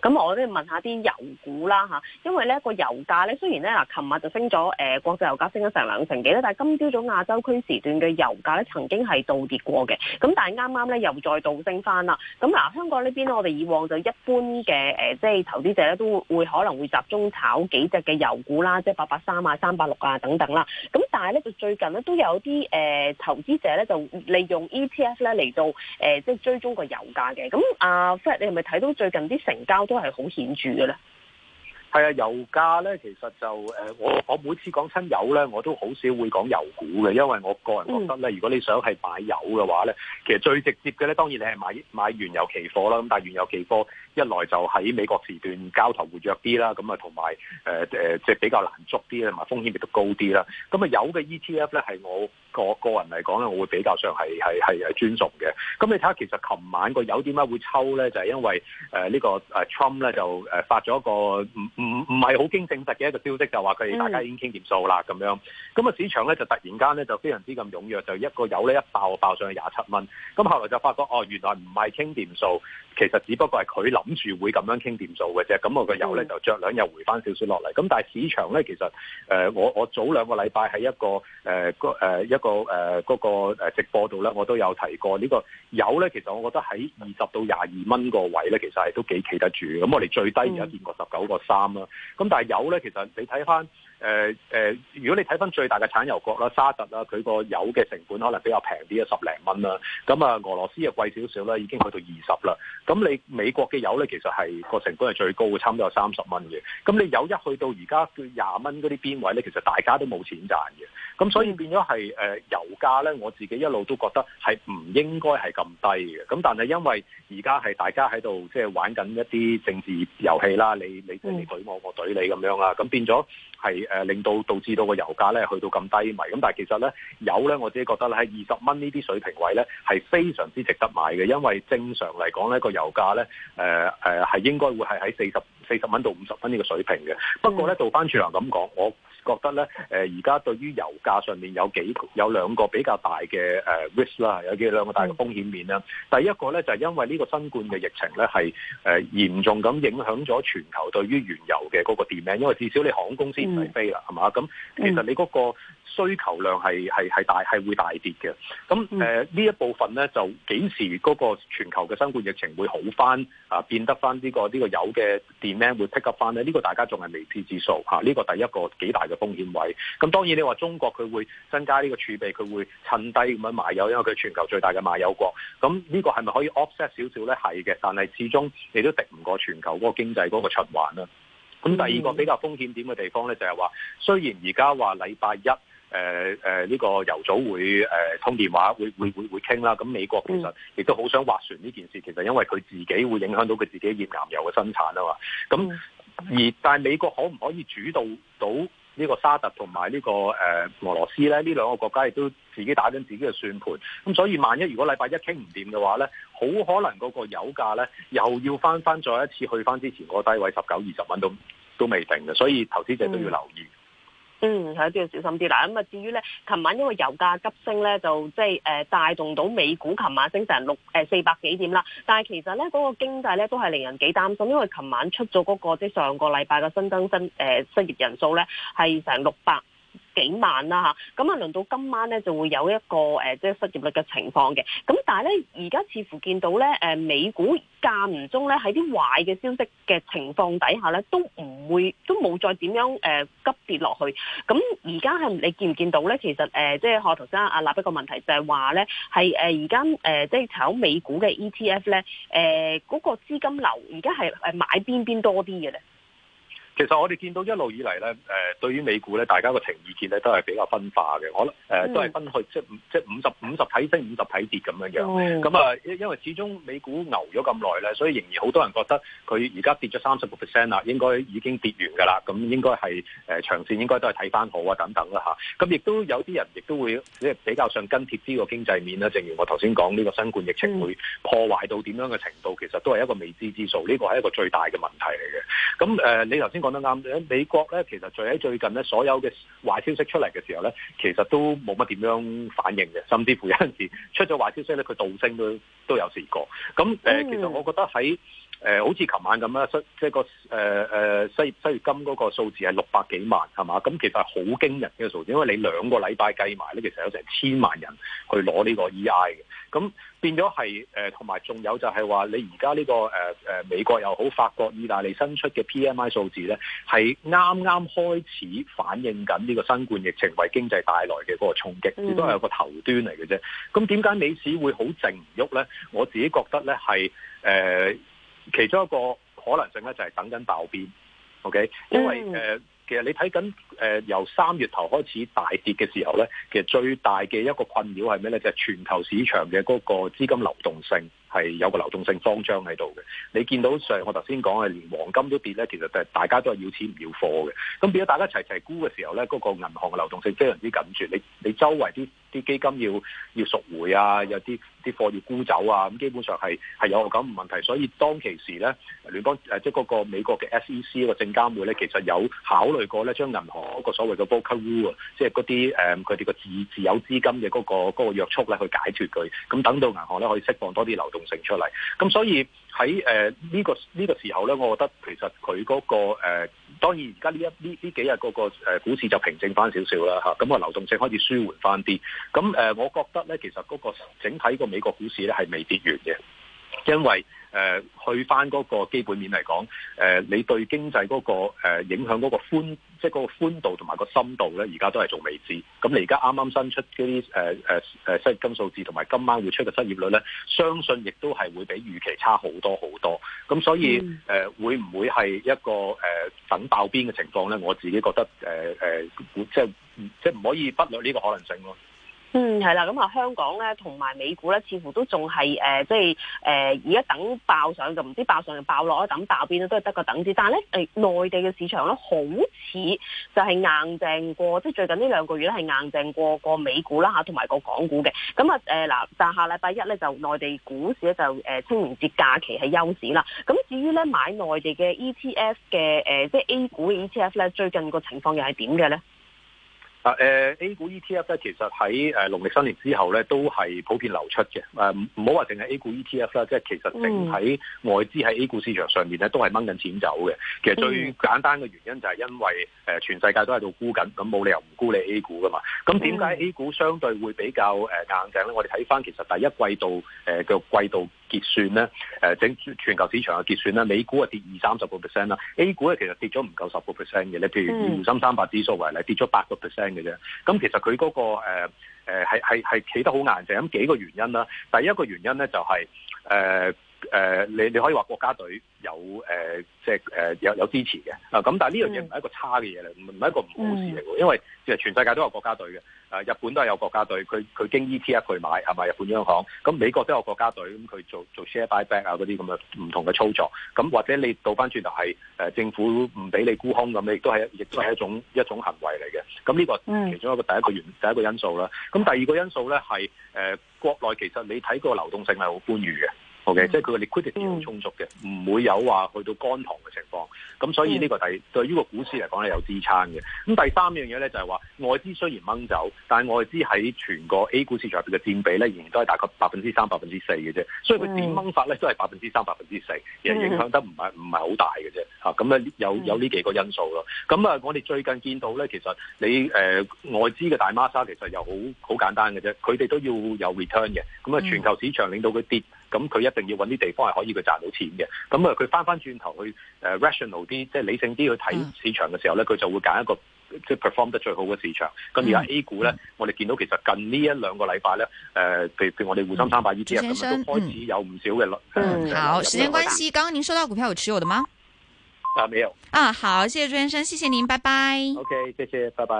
咁我咧問下啲油股啦吓，因為咧個油價咧雖然咧嗱，琴日就升咗國際油價升咗成兩成幾咧，但係今朝早亞洲區時段嘅油價咧曾經係倒跌過嘅，咁但係啱啱咧又再倒升翻啦。咁嗱，香港呢邊我哋以往就一般嘅、呃、即係投資者咧都會可能會集中炒幾隻嘅油股啦，即係八八三啊、三八六啊等等啦。咁但係咧就最近咧都有啲、呃、投資者咧就利用 E T F 咧嚟到、呃、即係追蹤個油價嘅。咁啊 Fred 你係咪睇到最近啲成交都係好顯著嘅咧。係啊，油價咧，其實就誒，我我每次講親油咧，我都好少會講油股嘅，因為我個人覺得咧、嗯，如果你想係買油嘅話咧，其實最直接嘅咧，當然你係買買原油期貨啦。咁但係原油期貨一來就喺美國時段交投活躍啲啦，咁啊同埋誒誒，即、呃、係、就是、比較難捉啲，同埋風險亦都高啲啦。咁啊，油嘅 ETF 咧係我個個人嚟講咧，我會比較上係係係誒尊重嘅。咁你睇下，其實琴晚個油點解會抽咧？就係、是、因為誒呢、呃呢個誒 Trump 咧就誒發咗個唔。唔唔係好經證實嘅一個消息，就話佢大家已經傾掂數啦咁樣，咁、那、啊、個、市場咧就突然間咧就非常之咁踴躍，就一個油咧一爆爆上去廿七蚊，咁後來就發覺哦原來唔係傾掂數，其實只不過係佢諗住會咁樣傾掂數嘅啫，咁、那、我個油咧就著兩日回翻少少落嚟，咁但係市場咧其實、呃、我我早兩個禮拜喺一個、呃、一個嗰、呃呃呃這個直播度咧，我都有提過呢、呢個油咧，其實我覺得喺二十到廿二蚊個位咧，其實係都幾企得住，咁我哋最低有見過十九個三。咁但係有咧，其實你睇翻。誒、呃呃、如果你睇翻最大嘅產油國啦，沙特啦，佢個油嘅成本可能比較平啲啊，十零蚊啦。咁啊，俄羅斯又貴少少啦，已經去到二十啦。咁你美國嘅油咧，其實係個成本係最高嘅，差唔多有三十蚊嘅。咁你油一去到而家叫廿蚊嗰啲邊位咧，其實大家都冇錢賺嘅。咁所以變咗係、呃、油價咧，我自己一路都覺得係唔應該係咁低嘅。咁但係因為而家係大家喺度即係玩緊一啲政治遊戲啦，你你隊我我隊你咁樣啦，咁變咗係。誒，令到導致到個油價咧去到咁低迷，咁但係其實咧油咧我自己覺得咧喺二十蚊呢啲水平位咧係非常之值得買嘅，因為正常嚟講咧個油價咧誒誒係應該會係喺四十四十蚊到五十蚊呢個水平嘅。不過咧，倒返轉頭咁講我。覺得咧，誒而家對於油價上面有幾有兩個比較大嘅誒、呃、risk 啦，有幾兩個大嘅風險面啦。嗯、第一個咧就係，是，因為呢個新冠嘅疫情咧，係誒，呃、嚴重咁影響咗全球對於原油嘅嗰個 demand，因為至少你航空公司唔使飛啦，係，嗯、嘛？咁其實你嗰，那個。嗯嗯需求量係係係大係會大跌嘅，咁誒呢一部分咧就幾時嗰個全球嘅新冠疫情會好翻啊，變得翻呢個呢個有嘅 demand 會 pick up 翻咧，呢個大家仲係未知之數嚇，呢個第一個幾大嘅風險位。咁當然你話中國佢會增加呢個儲備，佢會趁低咁樣買油，因為佢全球最大嘅買油國。咁呢個係咪可以 offset 少少咧？係嘅，但係始終你都敵唔過全球嗰個經濟嗰個循環啦。咁第二個比較風險點嘅地方咧，就係話雖然而家話禮拜一。誒誒呢個油組會誒、呃、通電話會會會會傾啦，咁美國其實亦都好想劃船呢件事，其實因為佢自己會影響到佢自己嘅頁岩油嘅生產啊嘛。咁而但係美國可唔可以主導到呢個沙特同埋、這個呃、呢個誒俄羅斯咧？呢兩個國家亦都自己打緊自己嘅算盤。咁所以萬一如果禮拜一傾唔掂嘅話咧，好可能嗰個油價咧又要返返再一次去返之前嗰個低位十九二十蚊都都未定嘅，所以投資者都要留意。嗯嗯，係都要小心啲啦。咁啊至於咧，琴晚因為油價急升咧，就即係誒帶動到美股，琴晚升成六誒四百幾點啦。但係其實咧，嗰個經濟咧都係令人幾擔心，因為琴晚出咗嗰個即係上個禮拜嘅新增新誒、呃、失業人數咧係成六百幾萬啦嚇，咁啊輪到今晚咧就會有一個誒，即係失業率嘅情況嘅。咁但係咧，而家似乎見到咧，美股間唔中咧喺啲壞嘅消息嘅情況底下咧，都唔會，都冇再點樣誒急跌落去。咁而家係你見唔見到咧？其實誒，即係學頭先阿立一個問題，就係話咧，係誒而家誒即係炒美股嘅 ETF 咧，誒嗰個資金流而家係誒買邊邊多啲嘅咧？其實我哋見到一路以嚟咧，誒、呃、對於美股咧，大家個情意見咧都係比較分化嘅。我覺得都係分去，即係即係五十五十睇升，五十睇跌咁樣樣。咁、嗯、啊，因為始終美股牛咗咁耐咧，所以仍然好多人覺得佢而家跌咗三十個 percent 啦，應該已經跌完㗎啦。咁應該係誒長線應該都係睇翻好啊等等啦嚇。咁亦都有啲人亦都會即係比較上跟貼呢個經濟面啦。正如我頭先講呢個新冠疫情會破壞到點樣嘅程度、嗯，其實都係一個未知之數。呢、這個係一個最大嘅問題嚟嘅。咁、呃、你頭先講。啱美國咧，其實就喺最近咧，所有嘅壞消息出嚟嘅時候咧，其實都冇乜點樣反應嘅，甚至乎有陣時出咗壞消息咧，佢倒升都都有試過咁誒，其實我覺得喺誒、呃，好似琴晚咁啦，即係個誒誒失、呃、失，業失業金嗰個數字係六百幾萬，係嘛？咁其實係好驚人嘅數字，因為你兩個禮拜計埋咧，其實有成千萬人去攞呢個 EI 嘅。咁變咗係誒，同埋仲有就係話、這個，你而家呢個誒美國又好，法國、意大利新出嘅 PMI 數字咧，係啱啱開始反映緊呢個新冠疫情為經濟帶來嘅嗰個衝擊，亦都係有個頭端嚟嘅啫。咁點解美市會好靜唔喐咧？我自己覺得咧係誒。其中一個可能性咧就係等緊爆變，OK？因為誒、嗯呃，其實你睇緊誒由三月頭開始大跌嘅時候咧，其實最大嘅一個困擾係咩咧？就係、是、全球市場嘅嗰個資金流動性。係有個流動性慌張喺度嘅，你見到上我頭先講係連黃金都跌咧，其實係大家都係要錢唔要貨嘅。咁變咗大家齊齊沽嘅時候咧，嗰個銀行嘅流動性非常之緊絀。你你周圍啲啲基金要要贖回啊，有啲啲貨要沽走啊，咁基本上係係有咁嘅問題。所以當其時咧，聯邦誒即係嗰個美國嘅 SEC 個證監會咧，其實有考慮過咧，將銀行嗰個所謂嘅 Volcker Rule，即係嗰啲誒佢哋個自自有資金嘅嗰個嗰個約束咧，去解除佢。咁等到銀行咧可以釋放多啲流動。成出嚟，咁所以喺誒呢個呢個時候咧，我覺得其實佢嗰個誒當然而家呢一呢呢幾日嗰個誒股市就平靜翻少少啦嚇，咁個流動性開始舒緩翻啲，咁誒我覺得咧其實嗰個整體個美國股市咧係未跌完嘅。因為誒、呃、去翻嗰個基本面嚟講，誒、呃、你對經濟嗰、那個、呃、影響嗰個寬，即係嗰個寬度同埋個深度咧，而家都係仲未知。咁你而家啱啱新出啲誒誒誒失業金數字，同埋今晚會出嘅失業率咧，相信亦都係會比預期差好多好多。咁所以誒、嗯呃，會唔會係一個誒等、呃、爆邊嘅情況咧？我自己覺得誒誒、呃，即係即係唔可以忽略呢個可能性咯。嗯，係啦，咁啊，香港咧，同埋美股咧，似乎都仲係誒，即係誒，而家等爆上就唔知爆上就爆落，等爆變咧都係得個等字。但係咧，誒，內地嘅市場咧，好似就係硬淨過，即係最近呢兩個月咧，係硬淨過個美股啦吓，同埋個港股嘅。咁啊，誒嗱，但下禮拜一咧，就內地股市咧，就誒清明節假期係休市啦。咁至於咧買內地嘅 ETF 嘅誒，即係 A 股嘅 ETF 咧，最近個情況又係點嘅咧？啊、呃、，A 股 ETF 咧，其實喺誒農曆新年之後咧，都係普遍流出嘅。誒唔好話淨係 A 股 ETF 啦，即係其實整體外資喺 A 股市場上面咧，都係掹緊錢走嘅。其實最簡單嘅原因就係因為誒、呃、全世界都喺度沽緊，咁冇理由唔沽你 A 股噶嘛。咁點解 A 股相對會比較誒硬淨咧？我哋睇翻其實第一季度誒嘅、呃、季度結算咧，誒整全球市場嘅結算咧，美股係跌二三十個 percent 啦，A 股咧、啊、其實跌咗唔夠十個 percent 嘅。你譬如滬深三百指數為例，跌咗八個 percent。嘅啫，咁其實佢嗰、那個誒誒係係係企得好硬淨，咁幾個原因啦。第一個原因咧就係、是、誒。呃誒、呃，你你可以話國家隊有誒、呃，即係誒、呃、有有支持嘅啊。咁但係呢樣嘢唔係一個差嘅嘢嚟，唔係一個唔好事嚟、嗯。因為其實全世界都有國家隊嘅、啊，日本都係有國家隊，佢佢經 E T F 去買係咪？日本央行咁、啊、美國都有國家隊，咁、嗯、佢做做 share buyback 啊嗰啲咁嘅唔同嘅操作。咁、啊、或者你倒翻轉頭係、啊、政府唔俾你沽空咁，你亦都係亦都係一種一種一種行為嚟嘅。咁、啊、呢、這個其中一個第一個原第一個因素啦。咁、啊、第二個因素咧係、呃、國內其實你睇個流動性係好寬裕嘅。ok 即係佢個 liquidity 好充足嘅，唔、嗯、會有話去到乾塘嘅情況。咁所以呢個第對於、嗯、個股市嚟講係有支撐嘅。咁第三樣嘢咧就係話外資雖然掹走，但係外資喺全個 A 股市場嘅佔比咧，仍然都係大概百分之三、百分之四嘅啫。所以佢點掹法咧都係百分之三、百分之四，其實影響得唔係唔係好大嘅啫。吓、嗯、咁、啊、有有呢幾個因素咯。咁啊，我哋最近見到咧，其實你誒、呃、外資嘅大孖沙其實又好好簡單嘅啫，佢哋都要有 return 嘅。咁啊，全球市場令到佢跌。嗯咁、嗯、佢一定要揾啲地方係可以佢賺到錢嘅，咁啊，佢返返轉頭去誒 rational 啲，即、就、係、是、理性啲去睇市場嘅時候咧，佢就會揀一個即係 perform 得最好嘅市場。咁而家 A 股咧，我哋見到其實近呢一兩個禮拜咧，誒、呃，譬如譬如我哋滬深三百依啲啊，咁、嗯、都開始有唔少嘅率、嗯嗯。好，時間關係，剛、嗯、剛您收到股票有持有的嗎？啊，沒有。啊，好，謝謝諸先生，謝謝您，拜拜。OK，謝謝，拜拜。